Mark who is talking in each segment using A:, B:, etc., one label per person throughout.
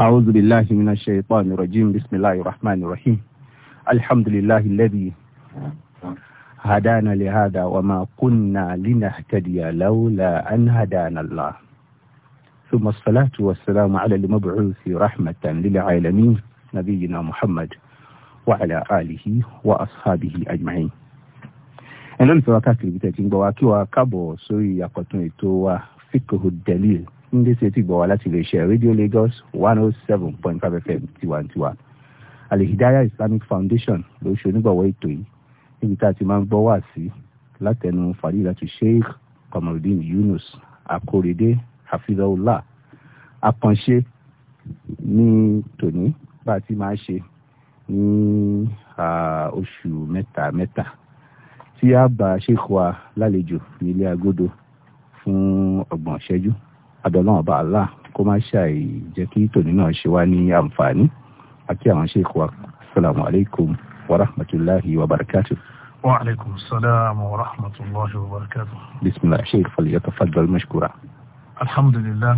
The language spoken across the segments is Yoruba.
A: أعوذ بالله من الشيطان الرجيم بسم الله الرحمن الرحيم الحمد لله الذي هدانا لهذا وما كنا لنهتدي لولا أن هدانا الله ثم الصلاة والسلام على المبعوث رحمة للعالمين نبينا محمد وعلى آله وأصحابه أجمعين أنا wa káàkiri bí tẹ̀sí ń gbọ́ wa kí túndé sétí gbọ̀ wá láti iléeṣẹ́ Radio Lagos one oh seven point five FM tiwantiwa alihidaya Islamic Foundation ló ṣe onígbọ̀wọ́ ètò yìí níbi tá a ti máa ń gbọ́ wá sí látẹnu fàdílàtú Sheikh Kamaldeen Yunus Akorede hafizahullah àkànṣe ní tòní bá a ti máa ṣe ní oṣù mẹ́ta mẹ́ta tí a bá Sheikh wa lálejò nílé agodo fún ọgbọ̀n ṣẹ́jú àbẹ̀lọ́wọ̀n ọba Allah kó má ṣàì jẹ́ kí tòní náà ṣe wá ní àǹfààní àti àwọn ṣe ìkọ́ assalamu alaikum wa rahmatullahi wa barakatuh.
B: wa alaikum salam wa rahmatullahi wa barakatuh.
A: bismillah sheikh falyatafaddal mashkura.
B: alhamdulillah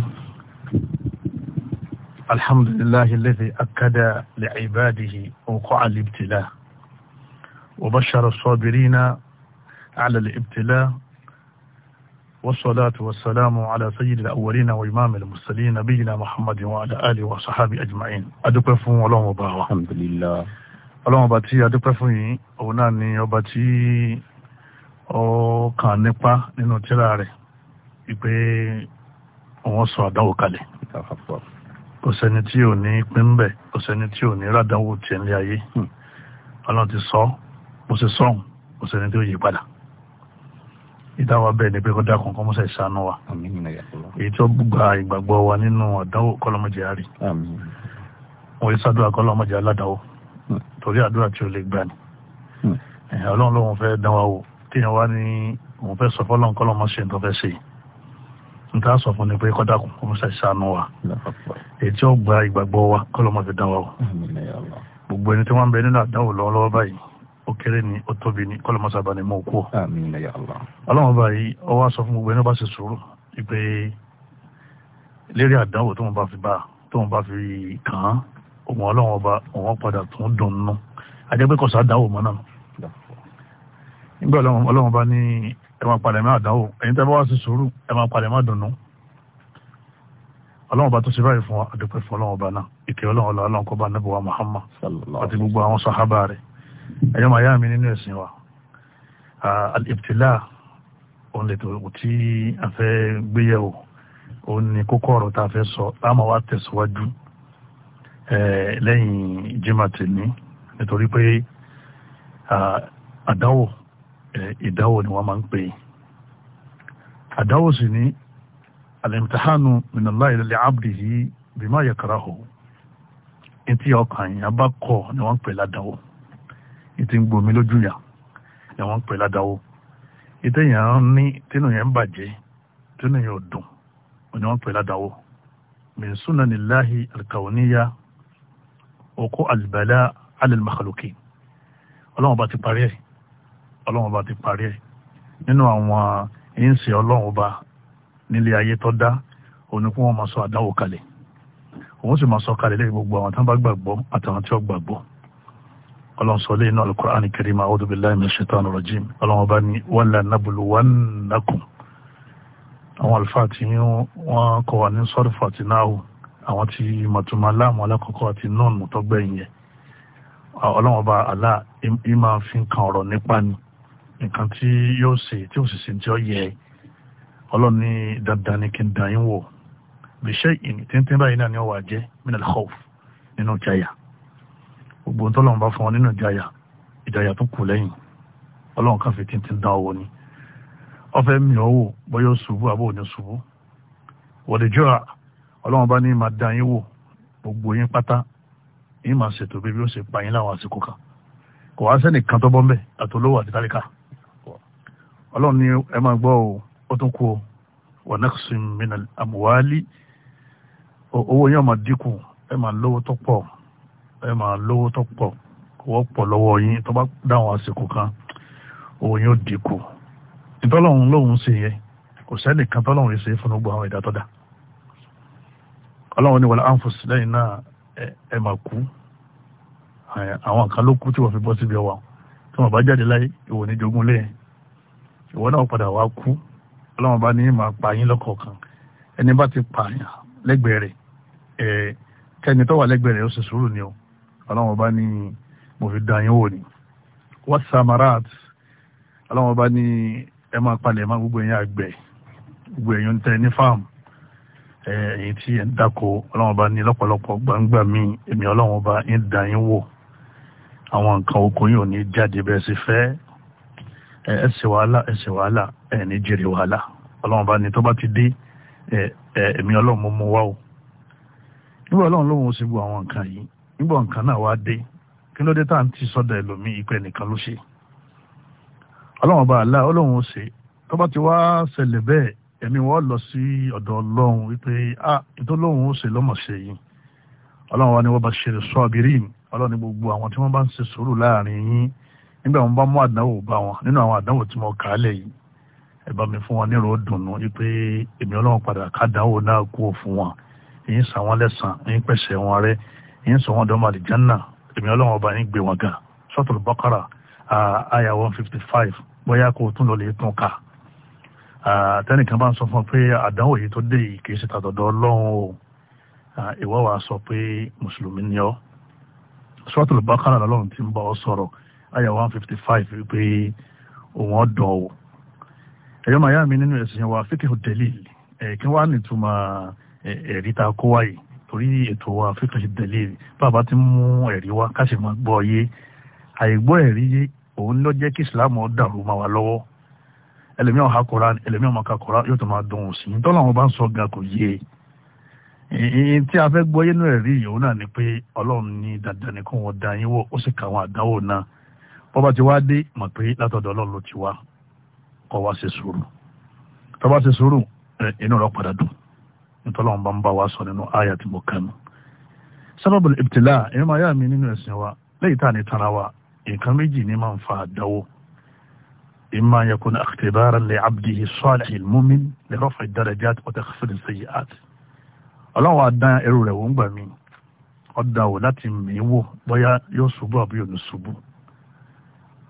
B: alhamdulillah alladhi akada li'ibadihi wuqu'a al-ibtila' wa bashara as-sabirina والصلاة والسلام على سيد الأولين وإمام المرسلين نبينا محمد وعلى آله وصحابه أجمعين adúpẹ́ fún Ọlọ́run Ọba الحمد لله. Ọlọ́run Ọba tí adúpẹ́ fún yìí òun náà ni ọba tí ó kàn nípa nínú tírà rẹ̀ ìpè òun sọ àdánwò kalẹ̀ kò sẹ́ni tí ò ní pín bẹ̀ kò sẹ́ni tí ò ní ràdánwò tiẹ̀ ní ayé hmm. Ọlọ́run ti sọ bó ṣe sọ̀hún kò sẹ́ni tí ó yí padà ìtawà bẹ́ẹ̀ ni pé kó dákun kó mọ́sá ìsánú wa èyí tó gba ìgbàgbọ́ wa nínú àdánwò kọ́lọ́mọ̀jẹ̀ àrí wọ́n yìí sádùn àkọ́lọ́mọ̀jẹ̀ aládàáwò hmm. torí àdúrà tí ó lè gbà ní hmm. ọlọ́run lóun fẹ́ dán wa wò téèyàn wá ní òun fẹ́ sọ fọ́lọ́run kọ́lọ́mọ̀ ṣe tó fẹ́ ṣe n ta sọ fún ni pé kó dákun kó mọ́sá ìsánú wa èyí tó gba ìgbàgbọ́ wa kọ́lọ́mọ̀ fi dán wa wò gbogbo ẹni tí wọ́n ń bẹ nínú àdánwò lọ́wọ́lọ́wọ́ báyìí ó kéré ni ó tóbi ni kọ́lọ́ mọ́sábà mo kú ọ. ya Allah. ọlọ́run báyìí ó wá sọ fún gbogbo ẹni ó bá ṣe sùúrù pé lérí àdánwò tó wọn bá fi bá tó wọn bá fi kàn án òun ọlọ́run ọba òun padà tó ń dùn nù àjẹpẹ́ kọ̀ sá àdánwò mọ́ náà. nígbà ọlọ́run bá ní ẹ máa padà má àdánwò ẹ̀yin tẹ́ bá wá ṣe sùúrù ẹ máa padà má dùn ọlọ́run bá tó ṣe báyìí fún wa àdúpẹ́ fún ọlọ́run ọba náà ìkẹ́ ọlọ́run ọlọ́run kọ́ bá nẹ́bọ̀ Muhammad àti gbogbo àwọn sàhábà rẹ̀ ẹ̀yọ́ màá yá mi nínú ẹ̀sìn wa al-ibtila òun lè tó tí a fẹ́ gbéyẹ̀wò òun ni kókó ọ̀rọ̀ tá a fẹ́ sọ láàmú wa tẹ̀síwájú lẹ́yìn jimá tèmi nítorí pé àdáwò ìdáwò ni wọ́n máa ń pè é àdáwò sì ni al-imtihanu minallahi li abdihi bima yakrahu inti ọkàn yẹn bá ni wọ́n ń pè ládàáwò ìtì ń gbomi lójú yàn ni wọ́n ń pè ládàáwó ìtẹ̀yàn ní tínú yẹn ń bàjẹ́ tínú yẹn ò dùn ni wọ́n ń pè ládàáwó min sunanillahi alkauniya oko albala alilmakhluki ọlọ́run bá ti parí ẹ̀ ọlọ́run bá ti parí ẹ̀ nínú àwọn ìyínsìn ọlọ́run bá nílé ayé tó dá òun ni kí wọ́n máa sọ àdáwò kalẹ̀ òun sì máa sọ kalẹ̀ lẹ́yìn gbogbo àwọn tí wọ́n bá gbàgbọ́ àtàwọn tí wọ́n gbàgbọ́ ọlọ́run sọ léyìn náà alukur'an kẹrìmà a'udhu billahi minash shaitanir rajim ọlọ́run ọba ní wala nabluwannakum àwọn àlùfáà tí wọ́n kọ́ wa ní sọ́rùfù àti náàwù àwọn tí màtúmá láàmú alákọ̀ọ́kọ́ àti nọ́ọ̀n mọ́tọ́gbẹ̀yìn yẹn ọlọ́run ọba àlá ìmọ̀ fi kan ọ̀rọ̀ nípa ni nǹkan tí yóò ṣe tí ó sì ṣe jọ yẹ ọlọ́run ó wà jẹ́ minal gbogbo ohun tọ́lọ́run bá fún wọn nínú ìjayà ìjayà tó kù lẹ́yìn ọlọ́run kan fi tíntín dán owó ni ọfẹ́ mi ò wò bóyá ṣubú àbò ní ṣubú wọ̀dẹ̀jọ́ra ọlọ́run bá ní máa dán yín wò gbogbo yín pátá yín máa ṣètò bí ó ṣe pa yín láwọn àsìkò kan kò wá sẹ́nìkan tó bọ́ mbẹ́ àtolówó àti tálíkà ọlọ́run ní ẹ máa gbọ́ o ó tún kú o wà naqsim min al owó yín máa dínkù ẹ máa lówó tó pọ̀ ẹ máa lówó tó pọ̀ kó wọ́pọ̀ lọ́wọ́ yín tó bá dáhùn àsìkò kan owó yín ó dínkù ìtọ́lọ́hún lòun ṣe yẹ kò sẹ́nì kan tọ́lọ́hún ṣe fún gbogbo àwọn ìdá tó dá ọlọ́run ní wọlé anfus lẹ́yìn náà ẹ máa kú àwọn kan ló kú tí wọ́n fi bọ́ síbi ọwọ́ tí wọ́n bá jáde láyé ìwọ ní jogún lẹ́yìn ìwọ náà padà wá kú ọlọ́run bá ní máa pa yín lọ́kọ̀ọ̀kan ẹni bá ti pààyàn lẹ́gbẹ̀ẹ́ rẹ̀ kẹ́ni tó wà lẹ́gbẹ̀ẹ́ rẹ̀ ó sì sùúrù ni o ọlọ́run ọba ní mo fi dán yín wò ni wọ́n samarat ọlọ́run ọba ní ẹ máa palẹ̀ ẹ máa gbogbo ẹ̀yin àgbẹ̀ gbogbo ẹ̀yin tẹ ní fáàmù ẹ̀yin tí ẹ̀ ń dáko ọlọ́run ọba ní lọ́pọ̀lọpọ̀ gbangba mi èmi ọlọ́run ọba ń dán yín wò àwọn nǹkan oko yìí ò ní jáde bẹ́ẹ̀ sì fẹ́ ẹ ṣe wàhálà ẹ ṣe wàhálà ẹ ní jèrè wàhálà ọlọ́run ọba ní tó bá ti dé ẹ ẹ̀mí ọlọ́run mú wá o nígbà ọlọ́run lóun ó sì gbọ́ àwọn nǹkan yìí nígbà nǹkan náà wá dé kí ló dé tá à ń ti sọ́dọ̀ ẹlòmíì ìpè nìkan ló ṣe ọlọ́run ọba àlá ọlọ́run ó ṣe tó bá ti wá ṣẹlẹ̀ bẹ́ẹ̀ ẹ̀mí wọn lọ sí ọ̀dọ̀ ọlọ́run wípé a ìtọ́lọ́run ó ṣe lọ́mọ̀ ṣe yìí ọlọ́run wa ni wọ́n bá ṣe sọ abirin ọlọ́run ni gbogbo àwọn tí wọ́n bá ń ṣe sùúrù láàrin yín nígbà wọn bá mú àdánwò bá wọn nínú àwọn àdánwò tí mo kà á lẹ̀ yìí ẹ bá mi fún wọn nírò dùnú wípé èmi ọlọ́run padà ká náà kú fún wọn èyí sàwọn lẹ́sàn èyí pẹ̀sẹ̀ wọn rẹ́ ń sọ wọn dọ́mọ àlìjánná èmi ọlọ́run ọba yín gbé wọn ga sọ́tòlù bọ́kàrà àyà one fifty five bóyá kó o tún lọ lè tún ká tẹnìkan bá ń sọ fún ọ pé àdánwò yìí tó dé yìí kì í ṣe tàtọ̀dọ̀ ọlọ́run o ìwọ wàá sọ pé mùsùlùmí ni ọ sọ́tòlù bọ́kàrà lọ́lọ́run ti ń bá ọ sọ̀rọ̀ àyà one fifty five pé òun ọ̀dọ̀ o ẹ̀yọ́ màyá mi nínú ẹ̀sìn wa fíkẹ́ hòtẹ́lì kí wọ́n á nìtumọ̀ ẹ̀rí ta kó torí ètò wa fífi ṣe tẹ̀lé e. bàbá ti mú ẹ̀rí wa ká sì máa gbọ́ yé àìgbọ́ ẹ̀rí yé òun ló jẹ́ kí islam dàrú máa wà lọ́wọ́ ẹlẹ́mìí ọ̀há koran ẹlẹ́mìí ọ̀mọ̀ká koran yóò tó máa dùn ún sí i tọ́lá wọn bá ń sọ gan kò yé e. ìyìn tí a fẹ́ gbọ́ yé náà rí òun náà ni pé ọlọ́run ní dandan ni kó wọn da yín wò ó sì kà wọn àdánwò náà bọ́ba ti wá dé mọ̀ pé látọ̀dọ̀ ọlọ́run ló ti wá kọ́ wá ṣe sùúrù tọ́ bá ṣe sùúrù inú rẹ̀ padà dùn ntọ́lọ́wọ́n bá ń bá wa sọ nínú àyà tí mo kàn mọ́. sábàbù ìbtìlá ẹ̀yìn máa yá mi nínú ẹ̀sìn wa lẹ́yìn tá à ní tara wa nǹkan méjì ní máa ń fa àdáwó imma yakun ikhtibaran li abdihi salih al-mu'min li raf'i ad-darajat wa takhfid as-sayyi'at ọlọ́wọ́ adán ẹrù rẹ̀ wọ́n gbà mí ọ̀dà wò láti mìí wò bóyá yóò ṣubú àbí yóò ṣubú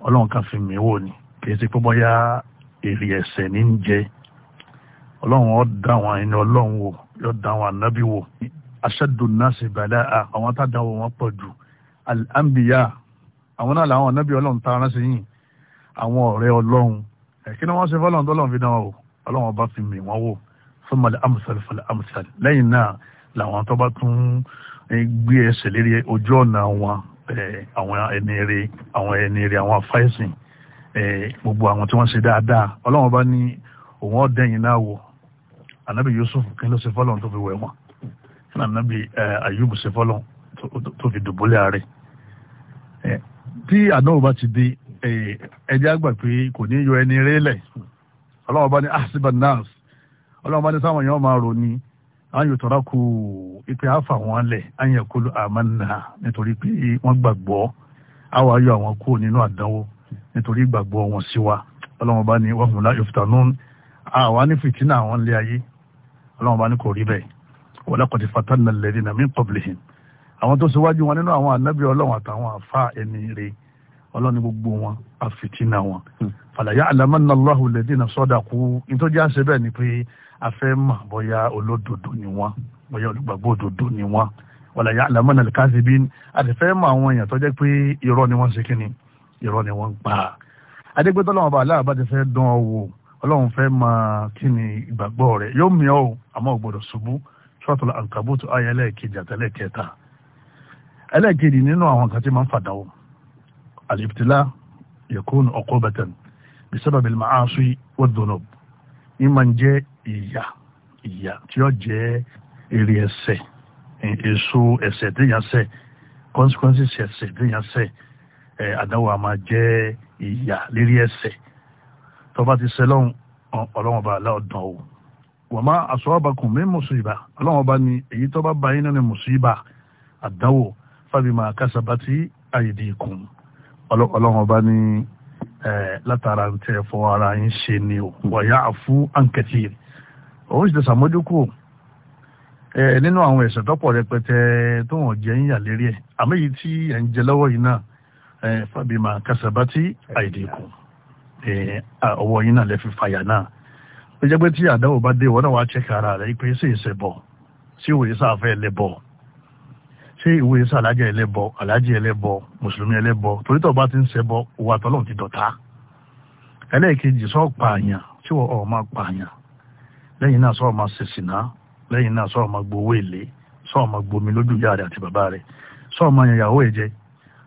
B: ọlọ́run kan fi mìí wò ni kì í ṣe pé bóyá èrè ẹ̀ṣẹ̀ ní ń jẹ́ ọlọ́run ó dá àwọn ẹni ọlọ́run wò yóò dá àwọn ànábì wò aṣadu nasi bala a àwọn tá a dá wọn pọ̀ jù al-anbiya àwọn náà làwọn ànábì ọlọ́run tá a rán sí yìí àwọn ọ̀rẹ́ ọlọ́run kí ni wọ́n ṣe fọ́lọ́run tó lọ́run fi dán wọn wò ọlọ́run ọba fi mì wọ́n wò fún mọ̀lẹ́ amúsàlẹ̀ fọlẹ́ amúsàlẹ̀ lẹ́yìn náà làwọn tó bá tún gbé ẹsẹ̀ lérí ojú ọ̀nà wọn àwọn ẹni rere àwọn ẹni rere àwọn afáìsìn gbogbo àwọn tí wọ́n ṣe dáadáa ọlọ́run ọba ní òun ọ̀dẹ́yìn náà wò anabi yusuf kí ló ṣe fọlọ́n tó fi wẹ̀ wọ́n kí ni anabi ayub ṣe fọlọ́n tó fi dùbúlẹ̀ ààrẹ tí ànáwó bá ti di ẹjẹ́ àgbà pé kò ní yọ ẹni rélẹ̀ ọlọ́wọ́ bá ní ahsiba nas ọlọ́wọ́ bá ní sáwọn èèyàn máa rò ní àwọn yóò tọ́ra kù ipe àfà wọn lẹ̀ àyàn kúlù àmàna nítorí pé wọ́n gbàgbọ́ àwọn ayọ̀ àwọn kú nínú àdánwò nítorí gbàgbọ́ wọn sí ọlọ́wọ́ bá ní wọ́n fún láyọ̀ fìtà àwọn ní fìtínà àwọn lé ayé ọlọ́run bá ní kò rí bẹ́ẹ̀ walaqad fatanna alladhina min qablihim àwọn tó ṣíwájú wọn nínú àwọn ànábì ọlọ́run àtàwọn àfa ẹni rè ọlọ́run gbogbo wọn àfìtínà wọn. Hmm. fala ya'lamanna Allahu alladhina sadaqu nítorí àṣẹ bẹ́ẹ̀ ni pé afẹ́ mà bóyá olódodo ni wọn bóyá olùgbàgbọ́ òdodo ni wọn wala ya'lamanna bin kadhibin àti fẹ́ mà àwọn èèyàn tó jẹ́ pé irọ́ ni wọ́n ṣe kíni irọ́ ni wọ́n gbà. adégbétọ́lọ́wọ́n bá aláàbá ti fẹ́ dán ọlọ́run fẹ́ máa kí ni ìgbàgbọ́ rẹ̀ yóò mìí ọ́ àmọ́ ògbọ́dọ̀ ṣubú Suratul Ankabut ayé ẹlẹ́ẹ̀kejì àtẹlẹ́ kẹta ẹlẹ́ẹ̀kejì nínú àwọn kan tí máa ń fàdáwọ̀ al-ibtila yakun uqubatan bisabab al-ma'asi wad-dhunub ní máa ń jẹ́ ìyà ìyà tí ó jẹ́ èrè ẹ̀ṣẹ̀ èso ẹ̀ṣẹ̀ téèyàn consequences ẹ̀ṣẹ̀ téèyàn àdáwọ̀ àmà jẹ́ ìyà tọba ti sẹ lọ́hùn ọlọ́wọ́n bá aláọ̀dàn o wọ́n má asabakum min musiba ọlọ́wọ́n bá ní èyí tọ́ba bá yín nínú musiba àdánwò fabima kasabati aydikum ọlọ́wọ́n bá ní látara tẹ fọ́ ara yín ṣe ni o wa ya'fu an katir òun sì ti sàmójúkù nínú àwọn ẹ̀sẹ̀ tọ́pọ̀ rẹpẹtẹ tó wọ́n jẹ́ ń yà lérí ẹ̀ àmì yìí tí ẹ̀ ń jẹ lọ́wọ́ yìí náà fabima kasabati aydikum. ọwọ́ yín náà lẹ́fi fàyà náà ó jẹ́ ti ń ṣẹbọ òwò àtọ́lọ́hún ti dọ̀tá ẹlẹ́ẹ̀kejì sọ pààyàn tí wọ́n ọ̀ máa pààyàn lẹ́yìn náà sọ máa ṣèṣìná lẹ́yìn náà sọ máa gbowó èlé sọ máa gbomi lójú ìyá rẹ̀ àti bàbá rẹ̀ sọ máa ìyàwó ẹ̀jẹ̀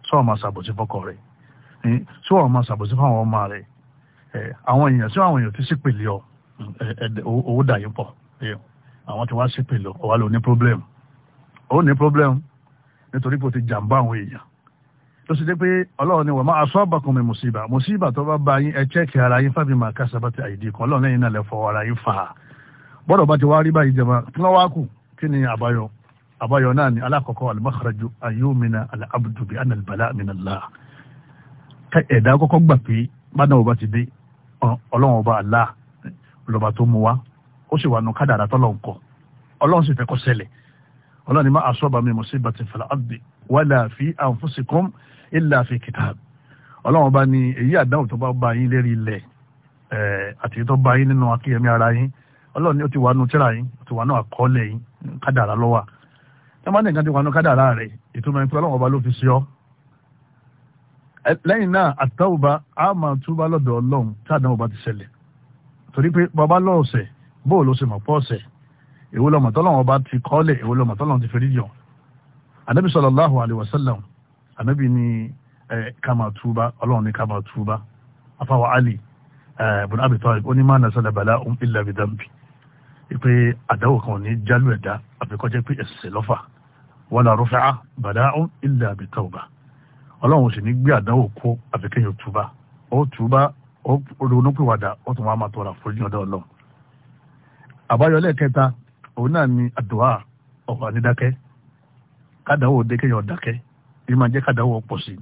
B: sọ máa ṣàbòsí rẹ̀ sọ máa ṣàbòsí àwọn èèyàn sí àwọn èèyàn ti sí pèlè ọ owó dàyé pọ̀ àwọn tí wá sí pèlè ọ wà ló ní problem ó ní problem nítorí pé o ti jàǹbá àwọn èèyàn tó sì dé pé ọlọ́run ni wọ́n máa sọ àbàkùn mi mùsíbà mùsíbà tó bá bá yín ẹ chẹ́ẹ̀kì ara yín fábí máa ká sábà ti àìdí kan ọlọ́run lẹ́yìn náà lè fọ ara yín fà á bọ́dọ̀ bá ti wá rí báyìí jẹma kí wọ́n wá kù kí ni àbáyọ àbáyọ náà ni alákọ̀ọ́kọ́ alimakarajú ayéomina alábùdùbí anàlbàlá minallah ẹ̀dá kọ́kọ́ gbà pé bá náà wọ́n bá ti dé ọlọ́run ọba Allah ọlọ́ba tó mú wa ó sì wà nù kádàrà tọ́lọ̀ ń kọ ọlọ́run sì fẹ́ kó ṣẹlẹ̀ ọlọ́run ni má asọ́ba mi musibatin fil ardi wala fi anfusikum illa fi kitab ọlọ́run ọba ni èyí àdáhùn tó bá bá yín lérí ilẹ̀ eh, àti tó bá yín nínú akéyẹmí ara yín ọlọ́run ni ó ti wà nù tíra yín ó ti wà nù àkọọ́lẹ̀ yín kádàrà lọ́wà ẹ lẹ́yìn náà àtàwùbá a máa túbá lọ́dọ̀ ọlọ́run tí àdánwò bá ti ṣẹlẹ̀ torí pé bàbá lọ́ọ̀sẹ̀ bóò ló ṣe mọ̀ pọ̀ ọ̀sẹ̀ èwo lọ́mọ tọ́lọ́run bá ti kọ́lẹ̀ èwo lọ́mọ tọ́lọ́run ti fẹ́rí jọ anabi sallallahu alayhi wa sallam anabi ni ká máa túbá ọlọ́run ni ká máa túbá afáwa ali ibn abi talib ó ní máa nasala bala ọlọ́run sì ní gbé àdánwò kó àfi kéèyàn túbá ó túbá ó ronúpìwàdà ó tún wá máa tọrọ àforíjì ọ̀dọ̀ ọlọ́run àbáyọlé kẹta òun náà ni àdúà ọ̀pọ̀ ànídákẹ́ kádàáwò dé kéèyàn dákẹ́ èyí máa jẹ́ kádàáwò pọ̀ sí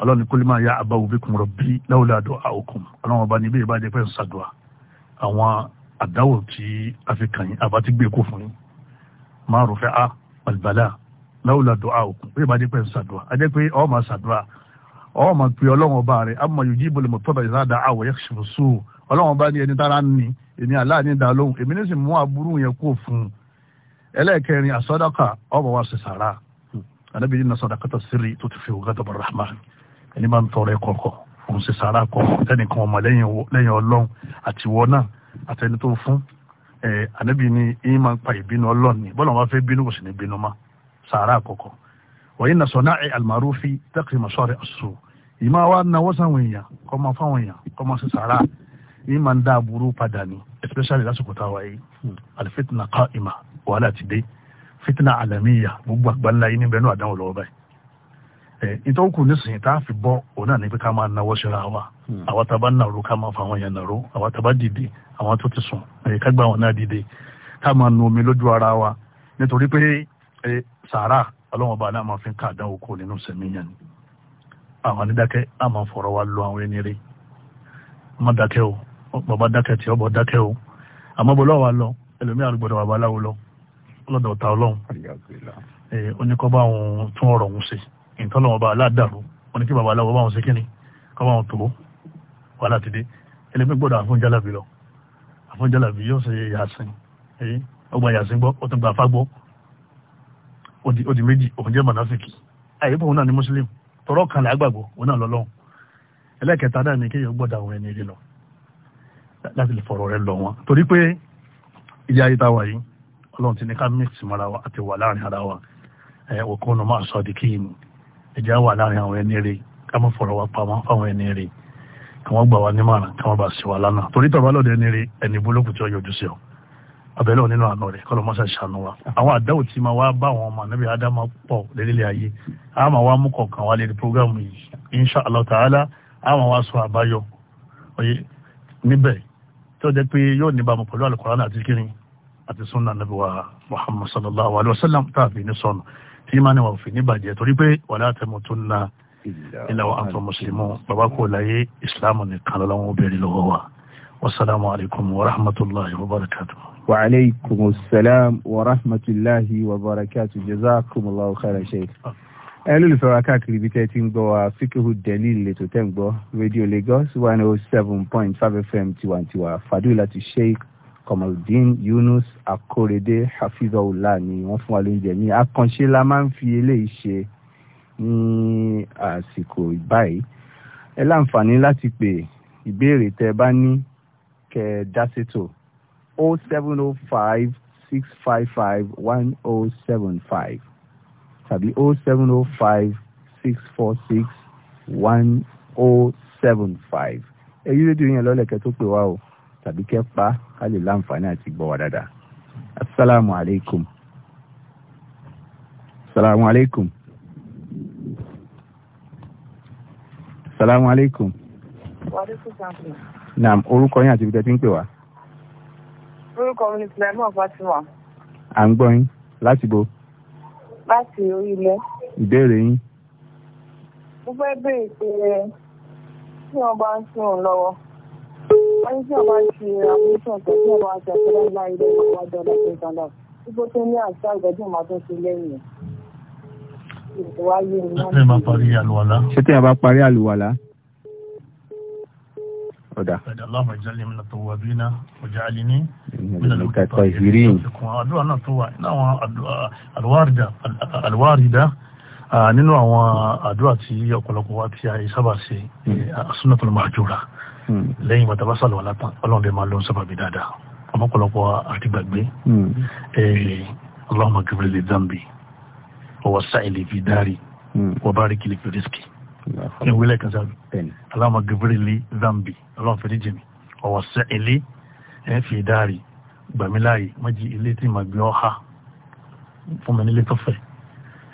B: ọlọ́run ní kó lè máa ya àbáwò bí kùn rọ̀ bí láwùlá àdó àokùn ọlọ́run ọba níbi ìbájẹ́ pẹ́ ń sàdùà àwọn àdáwò tí a fi kàn yín àbá ti gbé kó fún yín máa rò fẹ́ a àlùbálà láwùlà dùá òkun bí ìbá dé pẹ́ ṣàdùá a jẹ́ pé ọ́ máa ṣàdùá ọ́ máa pe ọlọ́run ọba rẹ̀ mo yòójì ìbòlè mọ̀ tọ́bẹ̀ ìsáàdà àwọ̀ yẹ ṣòro sóò ọlọ́run ọba ní ẹni tára ń ní èmi aláàní dá lóhùn èmi ní sì mú aburú yẹn kó fún un ẹlẹ́ẹ̀kẹrin àsọdọ́kà ọmọ wa ṣe sàrà ànábìyí ní sọdọ́kàtà sírì tó ti fi ògá tó bọ̀rọ̀ rahman ẹni máa ń tọrọ ẹ kọ̀ọ̀kọ̀ òun ṣe sàrà kọ̀ọ̀kọ̀ tẹnìkan fún ànábìyí ní ìyín máa ń pa ìbínú ọlọ́run ní bọ́lá wọn fẹ́ sàárà àkọ́kọ́ wọ́n yìí na sọ̀nà àlùmárùfì tẹ́kì mọ̀sọ́rẹ̀ ọ̀ṣọ́ ìmọ̀ wa náwó sáwọn èèyàn kọ́ máa fáwọn èèyàn kọ́ máa ṣe sàárà yìí máa ń dá aburú padà ní especially lásìkò táwa yìí hmm. alifitina ká ìmà wàhálà ti dé fitina alamiya gbogbo àgbáńlá yìí níbẹ̀ ní àdánwò lọ́wọ́ báyìí ìtọ́kù nísìnyí tá a fi bọ́ òun náà ní pé ká máa náwó ṣera wa hmm. àwọn tá a bá nàró ká máa fa àwọn èèyàn nàró àwọn tá a bá dìde àwọn tó ti sùn ká gbà wọn náà dìde ká máa nu omi lójú ara wa nítorí pé sàárà ọlọ́wọ́n bá náà máa fi ń ká àdánwò kó nínú sẹ̀míyàn ni àwọn anídákẹ́ á máa fọ̀rọ̀ wá lọ àwọn ẹni rí má dákẹ́ o bàbá dákẹ́ tí ọbọ̀ dákẹ́ o àmọ́ bọ́ lọ́wọ́ wa lọ ẹlòmíà gbọ́dọ̀ bàbá aláwo lọ lọ́dọ̀ ọ̀tá ọlọ́run oníkọ́ bá wọn tún ọ̀rọ̀ òun ṣe nǹkan lọ́wọ́ bá aládàrú wọn ni kí bàbá aláwo bá wọn ṣe kíni kọ́ bá wọn tó wàhálà ti dé ẹlẹ́gbẹ́ gbọ́dọ̀ àfúnjálàbí lọ àfúnjálàbí yóò ṣe yàsìn ọgbà yàsìn gbọ́ ó tún gba afá gbọ́ Odi odi meji o jẹ́ mọ̀nàfíkì àyíkò òun náà ni Muslim. tọrọ kan là gbàgbọ́ òun náà lọ́lọ́run ẹlẹ́kẹta náà ni kéèyàn gbọ́dọ̀ àwọn ẹni rí lọ láti lè fọ̀rọ̀ rẹ lọ wọn torí pé ilé ayé tá a wà yìí ọlọ́run ti ní ká mix mọ́ra wa ati wà láàrin ara wa òkú ọ̀nà máa sọ àdìkí yìí ẹ̀jẹ̀ wà láàrin àwọn ẹni rí ká mọ̀ fọ̀rọ̀ wa pamọ́ fáwọn ẹni rí kí wọ́n gbà wá nímọ̀ràn kí wọ́n bá ṣe wà lánàá torí tọ́ba lọ́dọ̀ ẹni rí ẹni búlọ́kù tí ó yọjú sí ọ abẹ́lẹ́ nínú àná rẹ̀ kọ́lọ́ mọ́sá ṣàánú wa ah. àwọn àdáwò tí máa wá bá àwọn ọmọ anábì ádámà pọ̀ lélẹ́lẹ́ ayé a máa wá mú kọ̀ọ̀kan wá lérí prógámù yìí insha allah ta'ala a máa wá sọ àbáyọ oye níbẹ̀ tí ó jẹ́ pé yóò níbàámu pẹ̀lú alukoran àti kiri àti sunna nabi wa muhammad sallallahu alayhi wa sallam tààfin ní sọnù tí máa ní wà òfin níbàjẹ́ torí pé wala tamutunna illa wa antum muslimun bàbá kò láyé ìsìlámù nìkan lọ́wọ́ obìnrin lọ́wọ́ wa. والسلام عليكم ورحمة الله وبركاته.
A: وعليكم السلام ورحمة الله وبركاته rahmatulahi الله خير شيخ. khairan sheikh. Ah. ẹ lólùfẹ́ wa káàkiri ibi tẹ́ ti ń gbọ́ wa fikihu delil lẹ́tọ̀ tẹ́ ń rédíò Lagos one oh seven point five FM tiwantiwa fadúlàtì sheikh Kamaldeen Yunus Akorede hafizahullah ni wọ́n fún wa lóúnjẹ ní àkànṣe la máa ń fi eléyìí ṣe ní àsìkò báyìí ẹ láǹfààní láti pè ìbéèrè tẹ́ bá ní kẹ́ dá sétò o seven o five six five five one o seven five tàbí o seven o five six four six one o seven five èyí rédíò yẹn lọ́lẹ̀kẹ́ tó pè wá o tàbí kẹ́ pa ká lè láǹfààní àti gbọ́ wa dáadáa asalaamu aleykum asalaamu aleykum asalaamu aleykum. Naam, orúkọ yín àti ibi tẹ́tí ń pè wá. Orúkọ mi ni Sulaiman Fatima. À ń gbọ́ yín láti bo. Láti orí ilẹ̀. Ìbéèrè yín. Mo fẹ́ béèrè pé tí wọ́n bá ń sùn lọ́wọ́. Wọ́n ní tí wọ́n bá ń ṣe àmúṣàn tó tí wọ́n bá ń ṣe àṣẹ láìlá ilé ìwà dọ́là tó ń sọ̀rọ̀. Ibo tó ní àṣà ìgbẹ́jì máa tún ṣe lẹ́yìn. Ṣé tí wọ́n bá parí àlùwàlá?
B: ọ̀dà. Allahumma ij'alni mina tawwabina waj'alni mina al-mutatahhirin. àdúrà náà tó wà nínú àwọn àlùwárìdá nínú àwọn àdúrà tí ọ̀pọ̀lọpọ̀ wa ti àìsábà ṣe hmm. eh, as-sunnatul mahjura hmm. lẹ́yìn bàtà bá sàlọ̀ látàn ọlọ́run dẹ̀ máa lọ sábàbí dáadáa ọmọkọlọpọ àti gbàgbé hmm. eh, Allahumma ghfir li dhanbi wa wasa'ili fi dari wa barik fi rizqi ní ìwílẹ̀ kan sáré aláwọ̀ gẹ̀fẹ́rẹ́lì zambi aláwọ̀ fẹ́rẹ́ jẹ̀mí ọ̀wọ̀ sẹ́ ilé ẹ̀ fi dáàrí gbàmíláyè mọ́jì ilé tí màá gbé ọ́ ha fún mi nílé tó fẹ́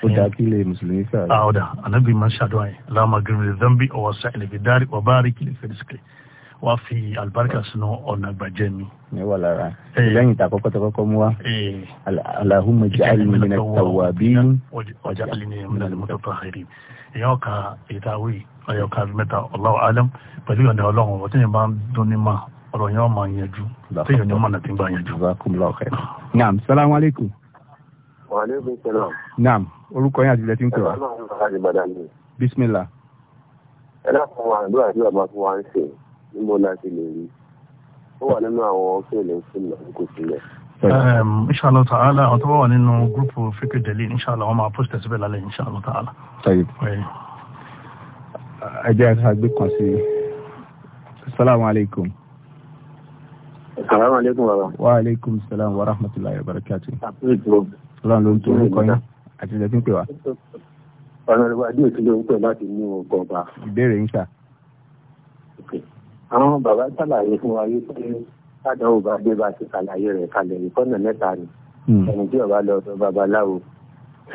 B: ọjà
A: kílẹ̀ mùsùlùmí sáà. ọ̀dà ah, anábì máa ń ṣàdúrà
B: yẹn aláwọ̀ gẹ̀fẹ́rẹ́lì zambi ọ̀wọ̀ sẹ́ ilé fi dáàrí ọ̀bá wá fi àlùbáríkà sínú ọ̀nà àgbàjẹ́ mi. níwọ̀ lára eh. lẹ́yìn ìta
A: kọ́kọ́ tọkọ́kọ́ mú wa eh. Allahumma ij'alni minat tawwabin
B: waj'alni minal mutatahhirin èèyàn ka ìtawé ọ̀yọ̀ ká mẹ́ta Allahu alam pẹ̀lú ìyọ̀nà ọlọ́run ọ̀tí yẹn bá ń dunni ma ọ̀rọ̀ yẹn máa yanjú tí yẹn máa nàti bá yanjú.
A: naam salamu aleykum.
B: wa aleykum salaam.
A: naam orúkọ yẹn àti ilẹ̀ tí ń pè bismillah. ẹ níbo la ti lè rí ó wà nínú àwọn fèlè fúnlẹ̀
B: kò sílẹ̀. inṣàlá ta'ala àwọn tó bá wà nínú gúrùpù fíkì dẹ̀lì inṣàlá wọn máa post ẹ̀sìn bẹ́ẹ̀ lálẹ́ inṣàlá ta'ala.
A: ẹ jẹ́ àgbẹ̀ kan sí i salamu alaykum.
B: salamu alaykum baba. wa
A: alaykum salam wa rahmatulahi wa barakatu. ọlọ́run ló ń tó ń yín àti ìjẹ́ ń pè wá. ọ̀nà ìwádìí òtún ló ń pè láti mú ọgbọ̀n ìbéèrè yín sáà àwọn bàbá ṣàlàyé fún wa wípé sádàwò bá dé bá ti ṣàlàyé rẹ̀ kalẹ̀ ìkọ́nà mẹ́ta ni hmm. ẹni tí ọba lọ ọ̀dọ̀ babaláwo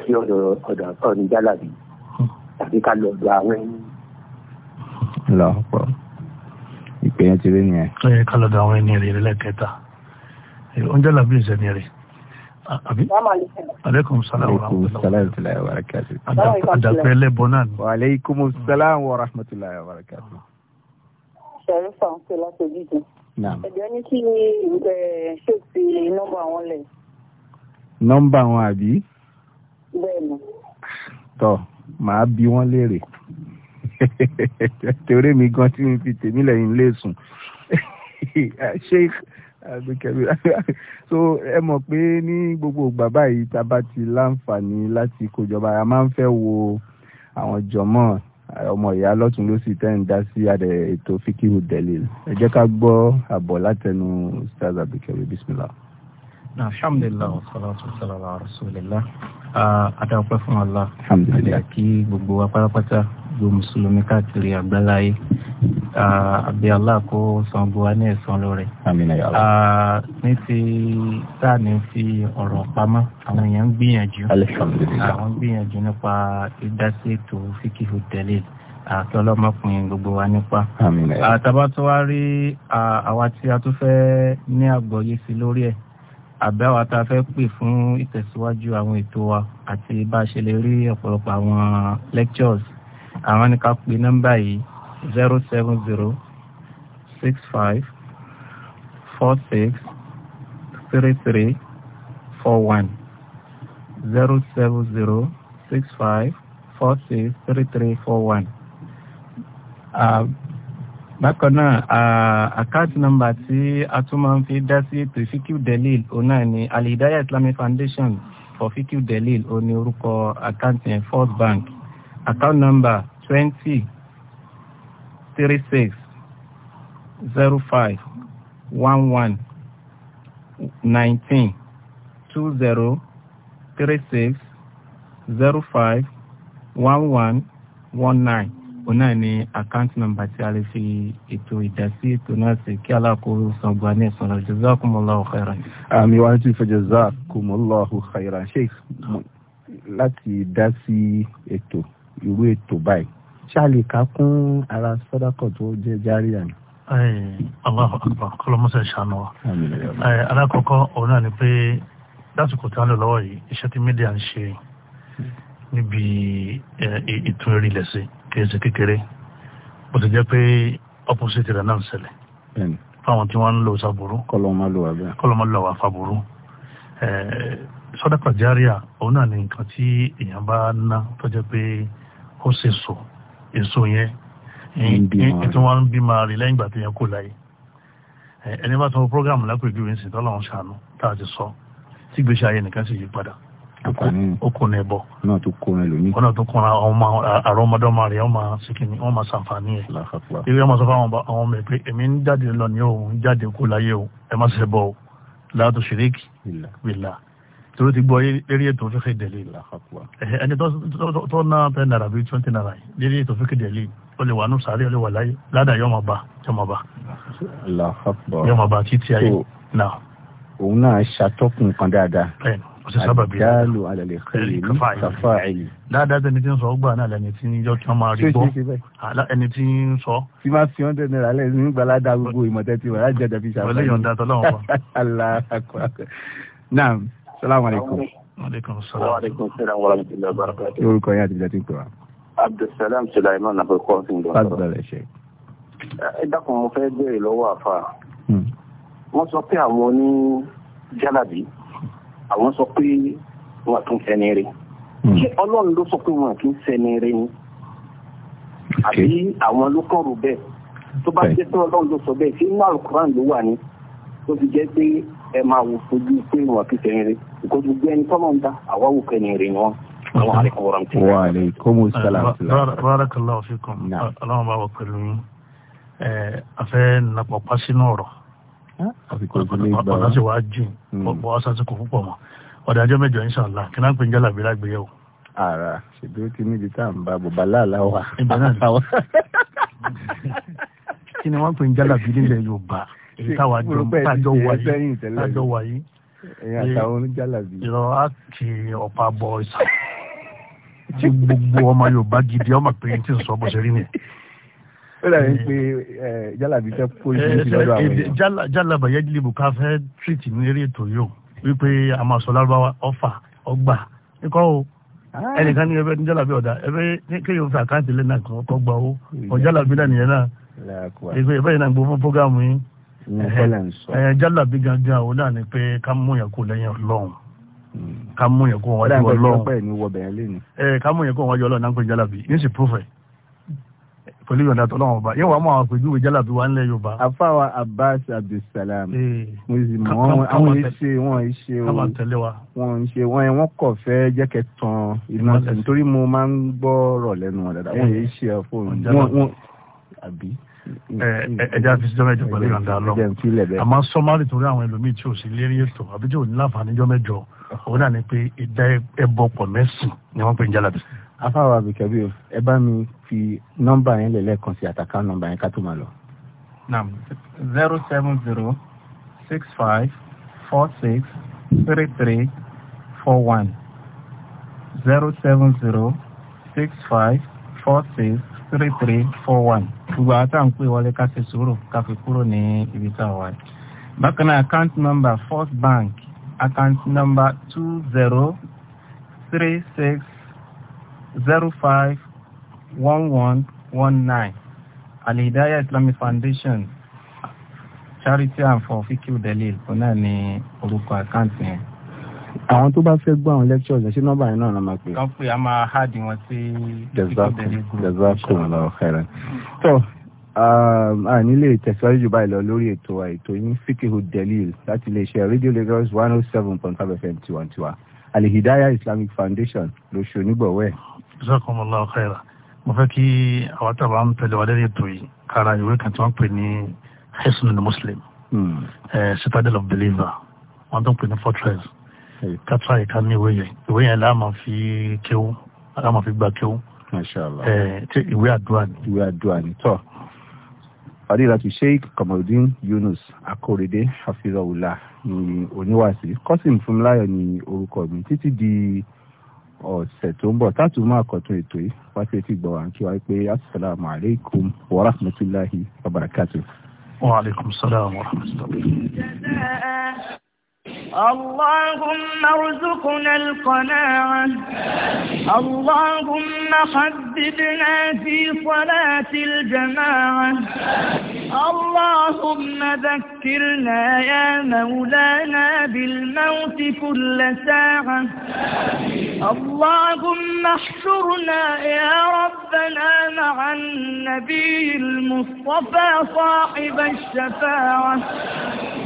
A: sí ọ̀dọ̀ ọ̀dọ̀ ọ̀nì jálàbí tàbí ká lọ ọ̀dọ̀ àwọn ẹni. lọ́pọ̀ ìpè yẹn ti rí nìyẹn.
B: ó yẹ ká lọ ọ̀dọ̀ àwọn ẹni rẹ̀ lẹ́kẹta ọ̀nì jálàbí ń sẹ́ni rẹ̀. Aleykum salaam wa rahmatulahi wa barakatuh. Wa aleykum
A: salaam wa rahmatulahi wa barakatuh ṣàrífà ń pè láti òjijì. ẹ̀jẹ̀ ní kí ṣé ti nọ́mbà wọn lẹ̀. nọ́mbà wọn àbí. bẹ́ẹ̀ni. tọ màá bi wọ́n léèrè torí mi gan tí mi fi tèmi lẹ́yìn lè sùn ṣé agbẹkẹrẹ so ẹ mọ̀ pé ní gbogbo bàbá yìí tá a bá ti láǹfààní láti kójọba a máa ń fẹ́ wo àwọn jọmọ ọmọ ìyá lọ́tún ló sì tẹ́ ń dá sí àdẹ ètò fíkìrù dẹ̀lẹ̀ ẹ jẹ́ ká gbọ́ àbọ̀ látẹnu ustaz abikere bismillah. alhamdulilah wa salatu wa salam ala rasulillah adá ọpẹ́ fún Allah àti àkí gbogbo wa pátápátá gbogbo mùsùlùmí káàkiri àgbáláyé ah, àbí Allah kó san buwa ní ẹ̀san lórí. Ah, ní ti tá ní fi ọ̀rọ̀ pamọ́ àwọn èèyàn ń gbìyànjú àwọn ah, gbìyànjú nípa ìdásí ètò fíkìhù tẹ̀lé àti ọlọ́mọkùnrin gbogbo wa nípa. àtàbá tó wá rí àwa tí a tún fẹ́ ní àgbọ́yé sí lórí ẹ̀ àbí àwa tá a fẹ́ pè fún ìtẹ̀síwájú àwọn ètò wa àti bá a ṣe lè rí ọ̀pọ̀lọpọ̀ àwọn lectures àwọn ní ká pe nọ́mbà yìí zero seven zero six five four six three three four one zero seven zero six five four six three three four one. bákan náà àkáàtì nọ́mbà tí a tún máa ń fi dá sí ètò fíkìú delil òun ni alidaya islamic foundation for fíkìú delil òun ni orúkọ àkáǹtì yẹn first bank account number twenty three six zero five one one nineteen two zero three six zero five one one one nine òun náà ni àkáǹtì nọ́mbà tí a lè fi ètò ìdásí ètò náà sí kí aláàkó sọgbà ní ìsọ̀nà jazakumullahu khairan. àmì wa ti fẹ́ jazakumullahu khairan sheikh láti dá sí ètò irú ètò báyìí ṣáàlì ká kún ara sọ́dákọ̀ tó jẹ́ járí àná.
B: Allahu akbar kọlọmọsẹ ṣàánú wa alákọ̀ọ́kọ́ òun náà ni pé lásìkò tí a ń lò lọ́wọ́ yìí iṣẹ́ tí mídíà ń ṣe níbi ìtún eré ilẹ̀ sí kì í ṣe kékeré bó ti jẹ́ pé opposite rẹ̀ náà ń ṣẹlẹ̀ fáwọn tí wọ́n ń lo ṣàbùrú kọlọmọlò wà fàbùrú sọ́dákọ̀ járíà náà ni nǹkan tí èèyàn bá ná tó jẹ́ pé ó ṣe sùn èso yẹn ètò wọn bí máa rí lẹ́yìn ìgbà tó yẹn kò láyé ẹni bá sọ program lápèjú yìí sì tọ́lọ́run ṣàánú tá a ti sọ tí gbèsè ayé nìkan sì yí padà ó kò ní ẹbọ náà tó kó ẹlòmíì ọ̀nà tó kó àrọ ọmọdọ́mọ rẹ̀ ọmọ síkìní wọ́n máa ṣàǹfààní ẹ̀ ìwé ọmọ sọ fáwọn àwọn ọmọ ẹ̀ pé èmi ń jáde lọ ní òun jáde kó láyé o ẹ má ṣe bọ o láàtò ṣèríkì bìlà tó ti gbọ́ lérí ètò fíkì dẹ̀lì ẹni tó ná tẹ́ náírà bíi twenty naira lérí ètò fíkì dẹ̀lì ó lè wà ní sàárè ó lè wà láyé ládà yóò máa bá yóò máa bá yóò máa bá títí ayé náà.
A: òun náà ṣàtọ́kùn kan dáadáa ọ̀sẹ̀ sábàbí àdálù alẹ́lẹ́ kẹrì kàfáàìlì
B: dáadáa tẹni tí ń sọ ọgbà náà lẹni tí ń yọ kí wọ́n máa rí gbọ́ ẹni tí ń sọ. tí
A: máa fi hundred naira lẹ́yìn nígbà ládàá gbogbo ìmọ̀tẹ́tì wà láti jẹ́ dàbí ṣàfihàn. wọlé yọ̀ǹda tọ́lọ́wọ́n wa. salamu alaykum waaleykum salaam wa rahmatullahi wa barakatuh. lórúkọ yẹn àti ìjà tí ń pè wá. abdulsalam na fẹ́ kọ́ sí ìdánwò. fásitì bẹ̀rẹ̀ ṣe. ẹ dákun mo fẹ́ béèrè lọ́wọ́ àfa. Hmm. wọ́n sọ pé àwọn oní jálàbí àwọn sọ pé wọn kì í sẹ́ni rí. Hmm. ṣé ọlọ́run ló sọ pé wọn kì í sẹ́ni ni? àbí àwọn ló kọ̀rù bẹ́ẹ̀ tó bá jẹ́ pé ọlọ́run ló sọ bẹ́ẹ̀ ṣé inú àlùkùrán ló wà ní tó fi jẹ́ pé ẹ máa wò fojú pé ìwà kìsẹ̀ ń rí nǹkan tó gbé ẹni tọ́lọ̀ ń dá àwa wò kẹ́ni rí ni wọ́n. Wa alaikum salaam. Eh,
B: barakallahu fikum. Ọlọ́run bá wọ pẹ̀lú yín. Eh, Afẹ́ napapa sínú ọ̀rọ̀. Ah, Ọ̀dà sì wá jìn. Ọ̀pọ̀ hmm. ọ̀sán ti kò púpọ̀ mọ́. Ọ̀dà ajọ́ mẹ́jọ inshallah. Kí náà ń pè ń jálàbí lágbèyẹ̀wò.
A: Àrà ṣèbí ó ti níbi tá à ń bá bùbá
B: èyí táwa jọ tájọ wáyé tájọ wáyé ẹ̀yin àtàwọn oníjàlàbí. ìrọ̀ á kì í ọ̀pá bọ ìsà tí gbogbo ọmọ Yorùbá gidi ọmọ pé tí ń sọ bó ṣe rí nìyẹn ó dàbí pé jálàbí fẹ́ kó ìṣòro sí lọ́dọ̀ àwọn èèyàn. jálàbà yẹ́jìlìbù ká fẹ́ tírìtì ní eré ètò yìí o wípé a máa sọ lárúbáwá ọfà ọgbà ikọ́ o ah. ẹnìkan ní ẹbẹ ní jálàbí ọ̀dà ẹbẹ kéèyàn fi àkáǹtì lẹ́nà kan kọ́ gba owó ọ̀jálàbí náà nìyẹn náà ẹgbẹ́ ìbẹ́yìn náà gbogbo fún yìí
A: ẹ
B: jálà bí gangan o náà ni pé ká mú yẹn kó lẹ́yìn ọlọ́run hmm. ká mú yẹn kó wájú
A: ọlọ́run
B: ẹ ká mú yẹn kó wájú ọlọ́run náà ń pè jálà bí yín sì prúfẹ̀ pẹ̀lú ìyọ̀ǹda tó lọ́wọ́ ọba yẹ́wọ̀ àmọ́ àwọn àpèjúwe jálà bí wà ń lẹ̀ yorùbá.
A: afáwa abbas abdulsalam
B: mo sì mọ àwọn ìṣe
A: wọn ìṣe wọn ìṣe wọn ẹ wọn kọ fẹ jẹkẹ tán iná nítorí mo máa ń gbọ́ ọ̀rọ̀ lẹ́nu wọn dáadáa wọn ìṣe fóònù wọn àbí
B: ẹja fi síjọ́ mẹ́jọ pẹ̀lú ìrànlẹ́ àlọ́ àmọ́ sọ́márì torí àwọn ẹlòmíì tí ò sí lérí ètò àbí tí ò ní láǹfààní jọ́ mẹ́jọ òun náà ni pé ìdá ẹbọ pọ̀ mẹ́sìn ni wọ́n pè ń jálàbí.
A: afáwọ abikẹbi o ẹ bá mi fi nọ́mbà yẹn lẹ lẹ́ẹ̀kan sí àtàkà nọ́mbà yẹn ká tó máa lọ. nam zero seven zero six five four six three three four one zero seven zero six five four six three three four one gbogbo àwọn tá à ń pè wọlé ká ṣe sùúrù ká fi kúrò ní ibi tá a wà. bákan náà account number first bank account number two zero three six zero five one one one nine alihidaya islamic foundation charity and for fikiu delil ọ̀nà ni orúkọ account yẹn àwọn tó bá fẹ́ gbọ́ àwọn lectures ẹ̀ sí nọ́mbà yẹn náà la máa pè. wọ́n pè á máa háàdì wọn sí. jazakumullahu khairan. tó um, a nílé tẹ̀síwájú jù báyìí lọ lórí ètò àìtó yín fíkìhù delil láti iléeṣẹ́ radio Lagos one oh seven point five fm tiwantiwa alihidaya Islamic Foundation lóṣù onígbọ̀wọ́
B: ẹ̀. jazakumullahu khairan mo fẹ́ kí àwọn tábà ń tẹ̀lé wa lórí ètò yìí kára ìwé kan tí wọ́n pè ní Hisnul Muslim hmm. eh, Citadel of Believer wọ́n tó ń pè ní fortress kátà ìka ní ìwé yẹn ìwé yẹn láà máa fi kéwú láà máa fi gba kéwú.
A: ìwé àdúrà ni. ìwé àdúrà ni tọ́ fadilatu sheik kamaldin yunus akorede hafizahullah ni oníwàásí kọ́sìm fúnmiláyọ̀ ni orúkọ mi títí di ọ̀sẹ̀ tó ń bọ̀ tátù máa kọ̀tún ètò yìí wá sí etí gbọ̀wá kí wáyé pé asalaamu aleykum wa rahmatulahi wa barakatu.
B: wa aleykum salaam wa rahmatulahi.
A: اللهم ارزقنا القناعة اللهم حببنا في صلاة الجماعة اللهم ذكرنا يا مولانا بالموت كل ساعة اللهم احشرنا يا ربنا مع النبي المصطفى صاحب الشفاعة